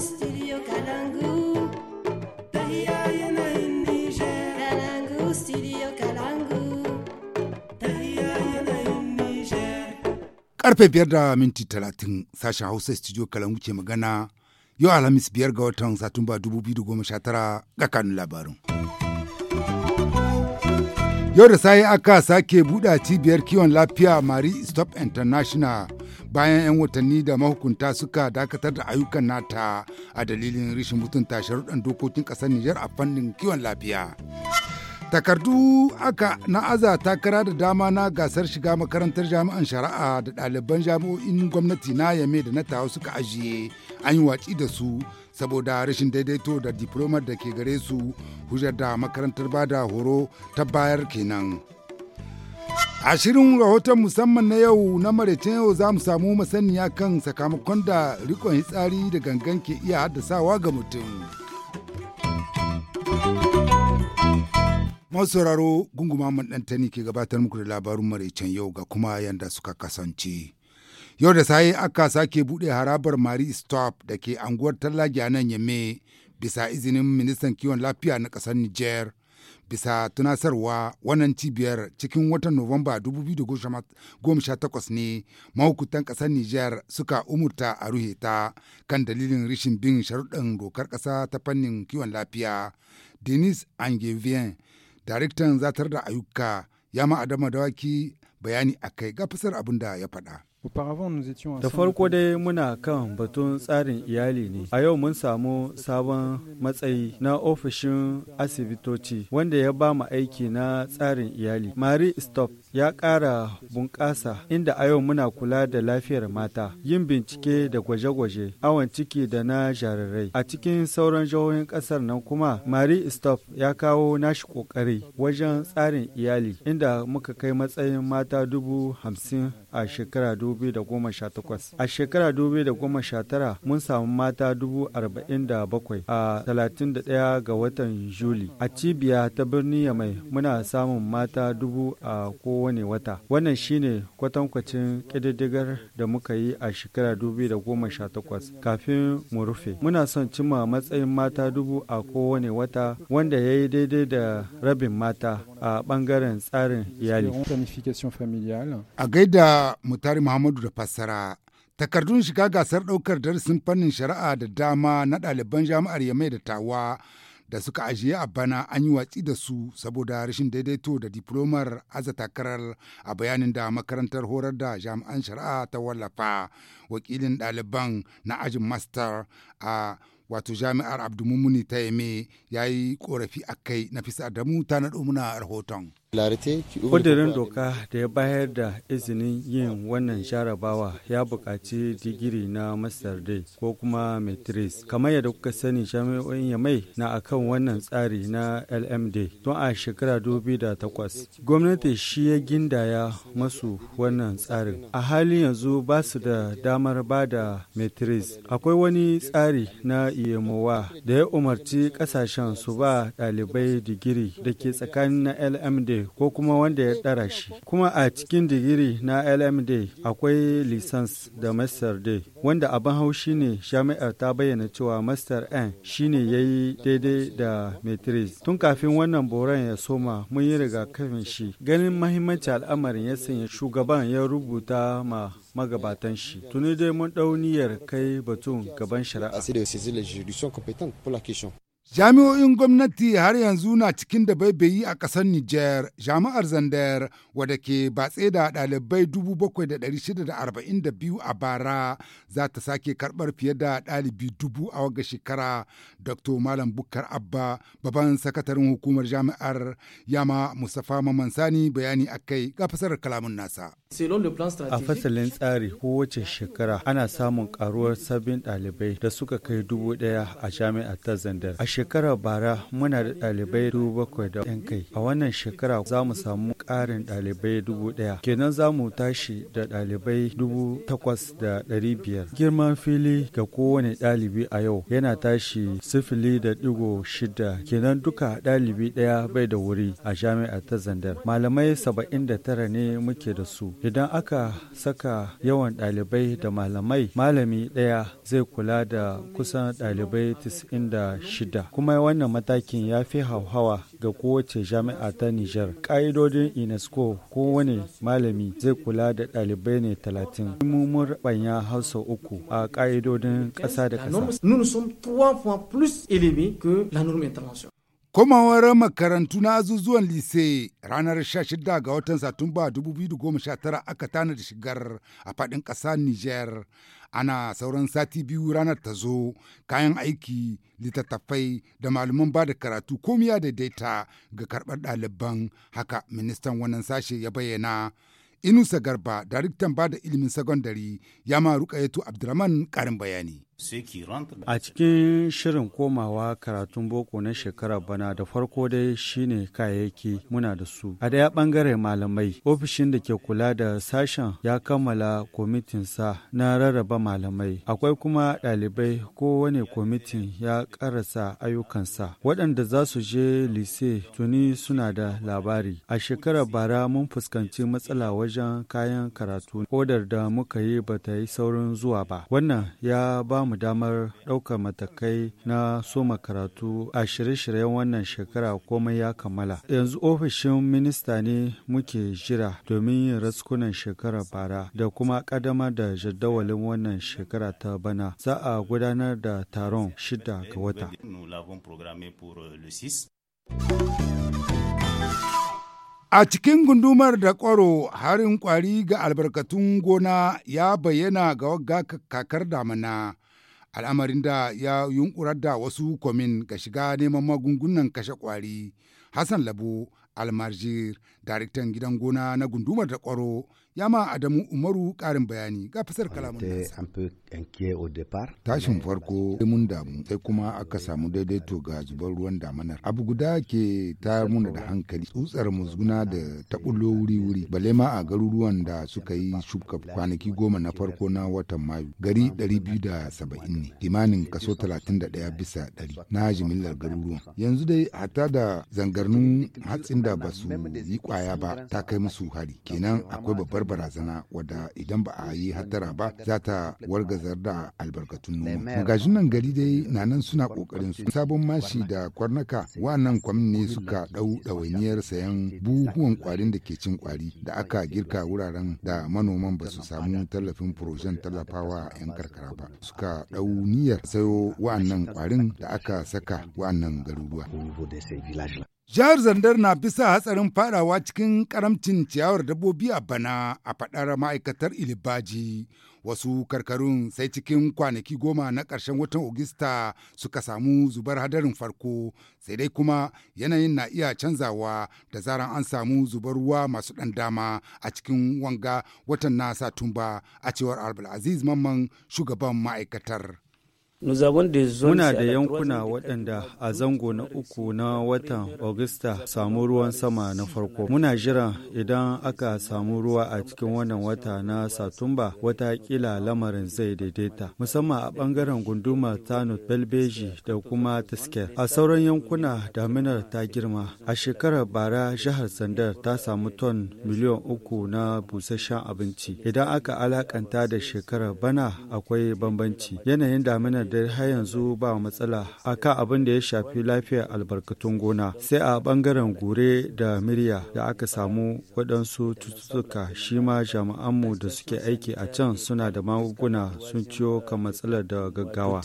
studio Karfe biyar da minti talatin sashen Hausa studio Kalangu ke magana yau Alhamis biyar ga watan Satumba biyu da tara ga kanun labarin. Yau da sai aka sake buɗa cibiyar kiwon lafiya Marie Stop International bayan 'yan watanni da mahukunta suka dakatar da ayyukan nata a dalilin rashin mutunta sharuɗan dokokin ƙasar Nijar a fannin kiwon lafiya. Takardu aka na aza takara da dama na gasar shiga makarantar jami'an shari'a da ɗaliban jami'o'in gwamnati na Yame da na Tawa suka ajiye an yi watsi da su saboda rashin daidaito da diploma da ke gare su hujjar da makarantar bada horo ta bayar kenan. A shirin rahoton musamman na yau na maraicin yau za mu samu masaniya kan sakamakon da rikon hitsari da gangan ke iya haddasawa ga mutum. Masu sauraro gunguma ɗantani ke gabatar muku da labarun maraicen yau ga kuma yadda suka kasance. Yau da sai aka sake bude harabar Mari Stop da ke anguwar Tallage a nan Yamme bisa izinin ministan kiwon lafiya na ƙasar niger Bisa tunasarwa wannan cibiyar cikin watan Nuwamba 2018 ne mahukuntan ƙasar niger suka umurta a ruhe ta kan dalilin rishin bin sharuɗin dokar ƙasa ta fannin kiwon lafiya. Denis Angevin, daraktan zatar da ayyuka, ya ma'adama Dawaki bayani a kai ga abin da ya faɗa. Da farko dai muna kan batun tsarin iyali ne. A yau mun samu sabon matsayi na ofishin asibitoci wanda ya ba mu aiki na tsarin iyali. Marie Stop ya ƙara bunƙasa inda a yau muna kula da lafiyar mata, yin bincike da gwaje-gwaje, awon ciki da na jarirai. A cikin sauran jihohin ƙasar nan kuma, Marie Stop ya kawo nashi ƙoƙari wajen tsarin iyali, inda muka kai matsayin mata dubu hamsin a shekara dubu da goma sha takwas. A shekara dubu da goma sha tara mun samu mata dubu arba'in da bakwai a talatin da ɗaya ga watan Juli. A cibiya ta birni mai muna samun mata dubu a kowa kowane wata. Wannan shine kwatankwacin ƙididdigar da muka yi a shekara sha 2018 kafin mu rufe. Muna son cimma matsayin mata dubu a kowane wata wanda ya yi daidai da rabin mata a ɓangaren tsarin iyali. A gaida Mutari Muhammadu da fassara takardun shiga gasar ɗaukar darasin fannin shari'a da dama na ɗaliban jami'ar Yamai da Tawa da suka ajiye a bana an yi watsi da su saboda rashin daidaito da diplomar aza takarar a bayanin da makarantar horar da jami'an shari'a ta wallafa wakilin ɗaliban na ajin master a wato jami'ar abdulmumuni ta yame ya yi korafi a kai na fisa da mu ta naɗo muna rahoton. Kudirin doka da ya bayar da izinin yin wannan jarabawa ya buƙaci digiri na Master Day ko kuma Matrix. Kamar yadda kuka sani jami'o'in mai na akan wannan tsari na LMD don a shekara 2008. Gwamnati shi ya gindaya masu wannan tsarin. A halin yanzu ba su da damar ba da Matrix. Akwai wani tsari na iyamowa e da ya umarci ƙasashen su ba ɗalibai digiri da ke tsakanin na LMD ko kuma wanda ya ɗara shi. Kuma a cikin digiri na LMD akwai lisans da Master D, wanda abin haushi ne jami'ar ta bayyana cewa Master N shine ya yi daidai da Matrix. Tun kafin wannan boron ya soma mun yi rigakafin shi. Ganin mahimmanci al'amarin ya sanya shugaban ya rubuta ma magabatan shi. Tuni dai mun ɗau kai batun gaban shari'a. Jami'o'in gwamnati har yanzu na cikin da baibayi a ƙasar Nijar, jami'ar Zandar wadda ke batse da ɗalibai 7,642 a bara za ta sake karɓar fiye da ɗalibi dubu a waga shekara. Dr. Malam Bukar Abba, babban sakataren hukumar jami'ar Yama Mustapha Mamansani bayani a kai ga fasarar kalamun nasa. A fasalin tsari kowace shekara ana samun karuwar sabbin ɗalibai da suka kai dubu ɗaya a jami'ar ta Zandar. shekarar bara muna da ɗalibai dubu bakwai da yan kai. A wannan shekara za mu samu ƙarin ɗalibai dubu ɗaya. Kenan za mu tashi da ɗalibai dubu takwas da ɗari biyar. Girman fili ga kowane ɗalibi a yau yana tashi sifili da digo shida. Kenan duka ɗalibi ɗaya bai da wuri a jami'ar ta Zandar. Malamai saba'in da tara ne muke da su. Idan aka saka yawan ɗalibai da malamai, malami ɗaya zai kula da kusan ɗalibai shida kuma wannan matakin ya fi hauhawa ga kowace jami'a ta Nijar. Ƙa'idodin UNESCO ko wani malami zai kula da ɗalibai ne talatin. Mummur rabanya hausa uku a ƙa'idodin ƙasa da ƙasa. plus élevés que la norme Komawar makarantu na azuzuwan lise ranar 16 ga watan Satumba 2019 aka tana da shigar a faɗin ƙasa Nijar. Ana sauran sati biyu ranar ta zo kayan aiki, littattafai da malaman ba da karatu komiya daidaita ga karɓar ɗaliban haka ministan wannan sashe ya bayyana. Inusa Garba, daraktan ba da ilimin sagondari, ya ma ruƙayatu ƙarin bayani. A cikin shirin komawa karatun boko na shekara bana da farko dai shine kayayyaki muna da su. A daya bangare malamai, ofishin da ke kula da sashen ya kammala kwamitinsa na rarraba malamai. Akwai kuma ɗalibai kowane kwamitin ya karasa ayyukansa. Waɗanda za su je lise tuni suna da labari. A shekarar bara mun fuskanci matsala wajen kayan karatu. Odar da muka yi bata yi saurin zuwa ba. Wannan ya ba mu damar ɗaukar matakai na soma karatu a shirye-shiryen wannan shekara komai ya kammala. Yanzu ofishin minista ne muke jira domin yin raskunan shekara bara da kuma ƙadama da jadawalin wannan shekara ta bana. Za a gudanar da taron shida ga wata. A cikin gundumar da kwaro harin kwari ga albarkatun gona ya bayyana ga wagga kakar damana al'amarin da ya yunkurar da wasu komin ga shiga neman magungunan kashe kwari hassan labo almarjir daraktan gidan gona na gundumar da kwaro Yama Adamu Umaru karin bayani ga fasar kalamun nasa. Tashin farko mun damu sai kuma aka samu daidaito ga zubar ruwan damanar. Abu guda ke ta muna da hankali tsutsar musguna da ta bullo wuri-wuri bale ma a garuruwan da suka yi shuka kwanaki goma na farko na watan Mayu gari 270 ne limanin kaso 31 bisa 100 na jimillar garuruwan. Yanzu dai hatta da zangarnin hatsin da ba su yi kwaya ba ta kai musu hari kenan akwai babbar babbar barazana wadda idan ba a yi hatara ba za ta wargazar da albarkatun noma. Magajin nan gari dai na nan suna kokarin su. Sabon mashi da kwarnaka wannan kwamin ne suka ɗau ɗawainiyar sayan buhuwan kwarin da ke cin kwari da aka girka wuraren da manoman ba su samu tallafin furojen tallafawa 'yan karkara ba. Suka ɗau niyyar sayo wa'annan kwarin da aka saka wa'annan garuruwa. Jihar Zandar na bisa hatsarin fadawa cikin karamcin ciyawar dabbobi a bana a faɗar ma'aikatar Ilibaji. Wasu karkarun sai cikin kwanaki goma na ƙarshen watan Ogista suka samu zubar hadarin farko, sai dai kuma yanayin na iya canzawa da zaran an samu zubar ruwa masu ɗan dama a cikin wanga watan na Satumba a cewar Abdulaziz Mamman shugaban ma'aikatar. Muna da yankuna waɗanda a zango na uku na watan Augusta samu ruwan sama na farko. Muna jiran idan aka samu ruwa a cikin wannan wata na Satumba watakila lamarin zai daidaita. Musamman a ɓangaren gunduma ta Belbeji da kuma Tasker. A sauran yankuna daminar ta girma. A shekarar bara jihar Sandar ta samu ton miliyan uku na busasshen abinci. Idan aka alakanta da shekarar bana akwai bambanci. Yanayin daminar dai har yanzu ba matsala a akan abin da ya shafi lafiyar albarkatun gona sai a bangaren gure da murya da aka samu waɗansu cututtuka shi ma mu da suke aiki a can suna da magunguna sun ciyo kan matsalar da gaggawa.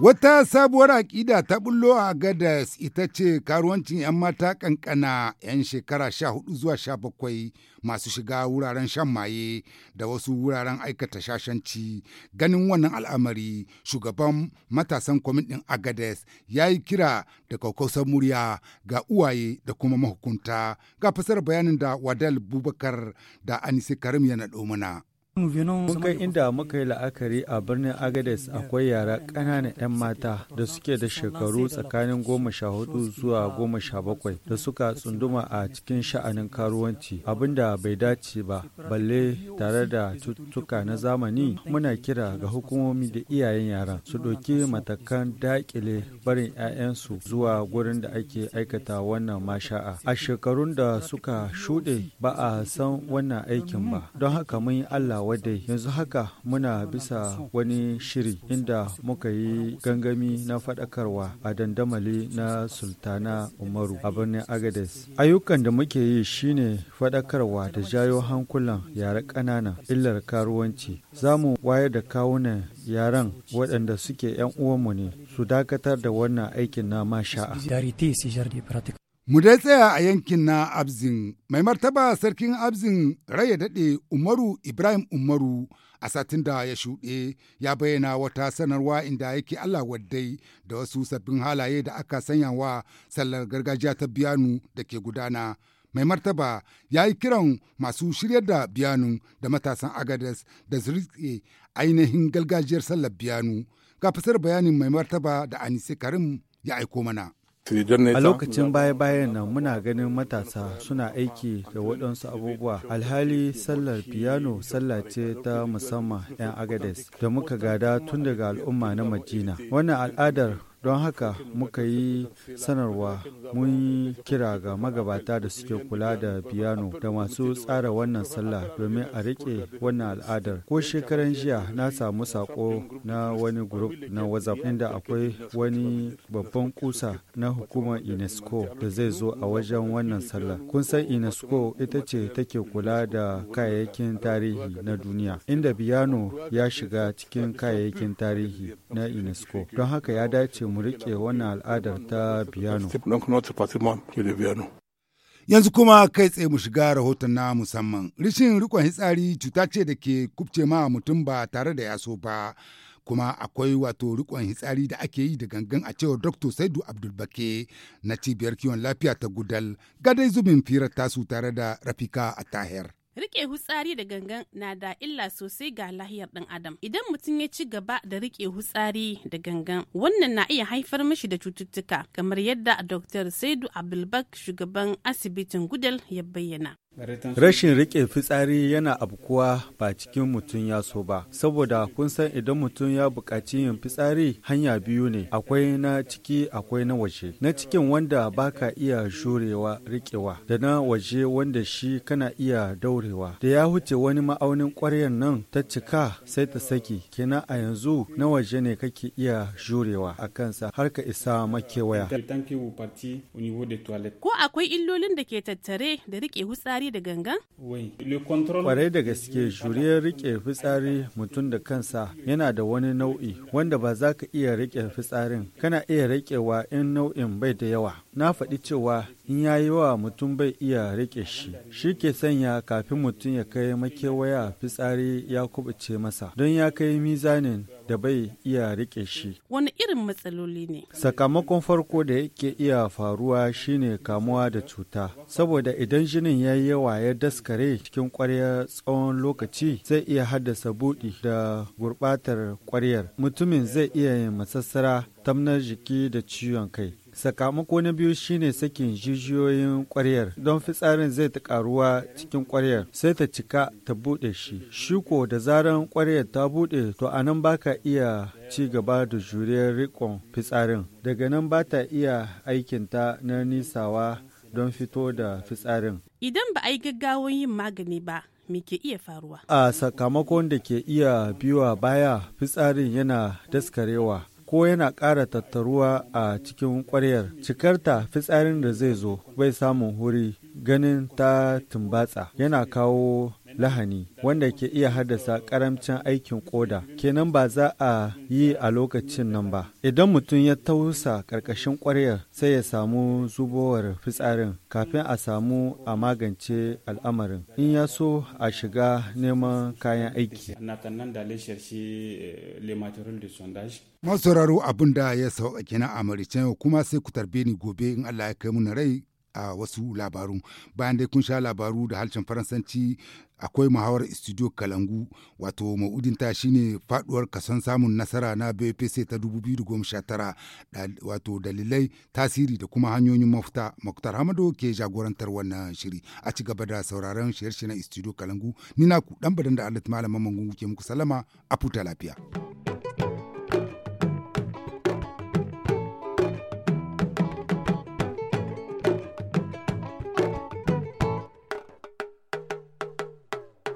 Wata sabuwar aƙida ta bullo a Gadas ita ce karuwancin 'yan mata ƙanƙana 'yan shekara sha hudu zuwa sha bakwai masu shiga wuraren shan maye da wasu wuraren aikata shashanci. Ganin wannan al'amari, shugaban matasan kwamitin Agades ya yi kira da kwakwasan murya ga uwaye da kuma mahukunta ga fasar bayanin da Wadal Bubakar da Anise Karim ya naɗo mana. Mun kai inda muka yi la'akari a birnin Agades akwai yara ƙananan 'yan mata da suke da shekaru tsakanin goma sha hudu zuwa goma sha bakwai da suka tsunduma a cikin sha'anin karuwanci abinda bai dace ba balle tare da cututtuka na zamani muna kira ga hukumomi da iyayen yara su ɗauki matakan daƙile barin 'ya'yansu zuwa gurin da ake aikata wannan masha'a a shekarun da suka shuɗe ba a san wannan aikin ba don haka mun yi Allah wadai yanzu haka muna bisa wani shiri inda muka yi gangami na fadakarwa a dandamali na sultana umaru a birnin agades ayyukan da muke yi shine fadakarwa da jayo hankulan yare ƙanana illar karuwanci za mu wayar da kawunan yaran waɗanda suke 'yan uwanmu ne su dakatar da wannan aikin na masha'a Mu dai tsaya a yankin na Abzin, mai martaba sarkin Abzin raya daɗe Umaru Ibrahim Umaru a satin da ya shuɗe ya bayyana wata sanarwa inda yake Allah waddai da wasu sabbin halaye da aka sanya wa sallar gargajiya ta biyanu da ke gudana. Mai martaba ya yi kiran masu shiryar da biyanu da matasan agadas da Zirke ainihin gargajiyar sallar biyanu. Ga fasar bayanin mai martaba da Anise Karim ya aiko mana. A lokacin baya-bayan nan muna ganin matasa suna aiki da waɗansu abubuwa. Alhali sallar piano sallah ce ta musamman 'yan Agades da muka gada tun daga al'umma na Majina. Wannan al'adar don haka muka yi sanarwa mun yi kira ga magabata da suke kula da biyano da masu tsara wannan sallah domin a riƙe wannan al'adar ko shekaran jiya na samu sako na wani grup na whatsapp inda akwai wani babban kusa na hukumar unesco da zai zo a wajen wannan sallah kun san unesco ita ce take kula da kayayyakin tarihi na duniya inda biyano ya shiga cikin kayayyakin tarihi na unesco don haka ya dace mu rike wannan al'adar ta biyano. Yanzu kuma kai tsaye mu shiga rahoton na musamman. Rishin rikon hitsari cuta ce da ke kubce ma mutum ba tare da yaso ba. kuma akwai wato rikon hitsari da ake yi da gangan a cewar dr saidu abdulbake na cibiyar kiwon lafiya ta gudal gadai zubin firar tasu tare da rafika a tahir Rike hutsari da gangan na da illa sosai ga lahiyar ɗan adam. Idan mutum ya ci gaba da rike hutsari da gangan, wannan na iya haifar mashi da cututtuka, kamar yadda Dr. Saidu Abdulbak shugaban asibitin gudal ya bayyana. Rashin riƙe fitsari yana abkuwa ba cikin mutum ya so ba, saboda kun san idan mutum ya buƙaci yin fitsari hanya biyu ne, akwai na ciki akwai na waje. Na cikin wanda baka iya jurewa riƙewa, da na waje wanda shi kana iya daurewa. Da ya huce wani ma'aunin ƙwaryar nan ta cika sai ta saki, Kina a yanzu na waje ne kake iya jurewa a kansa har ka isa makewaya. Ko akwai illolin da ke tattare da riƙe fitsari fitsari da gangan? Kwarai da gaske juriyar rike fitsari mutum da kansa yana da wani nau'i wanda ba za ka iya rike fitsarin kana iya rikewa in nau'in bai da yawa. na faɗi cewa in ya yi wa mutum bai iya riƙe shi shi ke sanya kafin mutum ya kai makewaya fitsari ya kubuce masa don ya kai mizanin da bai iya riƙe shi wani irin matsaloli ne sakamakon farko da yake iya faruwa shine kamuwa da cuta saboda idan jinin ya yi yawa ya daskare cikin ƙwarya tsawon lokaci zai iya haddasa buɗi da gurɓatar ƙwaryar mutumin zai iya yin masassara tamnar jiki da ciwon kai Sakamako na biyu shine sakin jijiyoyin ƙwaryar don fitsarin zai ta karuwa cikin kwaryar sai ta cika ta buɗe shi. Shuko da zaran kwaryar ta buɗe to anan baka iya ci gaba da juriyar rikon fitsarin. Daga nan ba ta iya aikinta na nisawa don fito da fitsarin. Idan ba a yi gaggawon yin magani ba, me ke iya faruwa? A sakamakon da ke iya biwa baya fitsarin yana daskarewa ko yana ƙara tattaruwa a cikin ƙwaryar cikarta fitsarin da zai zo bai samun huri ganin ta tumbatsa yana kawo lahani wanda ke iya haddasa karamcin aikin koda kenan ba za a yi a lokacin nan ba idan mutum ya tausa karkashin kwaryar sai ya samu zubowar fitsarin kafin a samu a magance al'amarin in ya so a shiga neman kayan aiki masu raro abin da ya sauƙaƙe na amurce kuma sai ku tarbe ni gobe in allah ya kai mu na rai a wasu labaru bayan dai kun sha labaru da harshen faransanci akwai muhawar studio kalangu wato ma'udinta shine faduwar kasan samun nasara na bpc ta 2019 wato dalilai tasiri da kuma hanyoyin mafuta muktar hamado ke jagorantar wannan shiri a ci gaba da sauraron shirye na studio kalangu ni na ku dan badan da alat malaman mangungu ke muku salama a futa lafiya.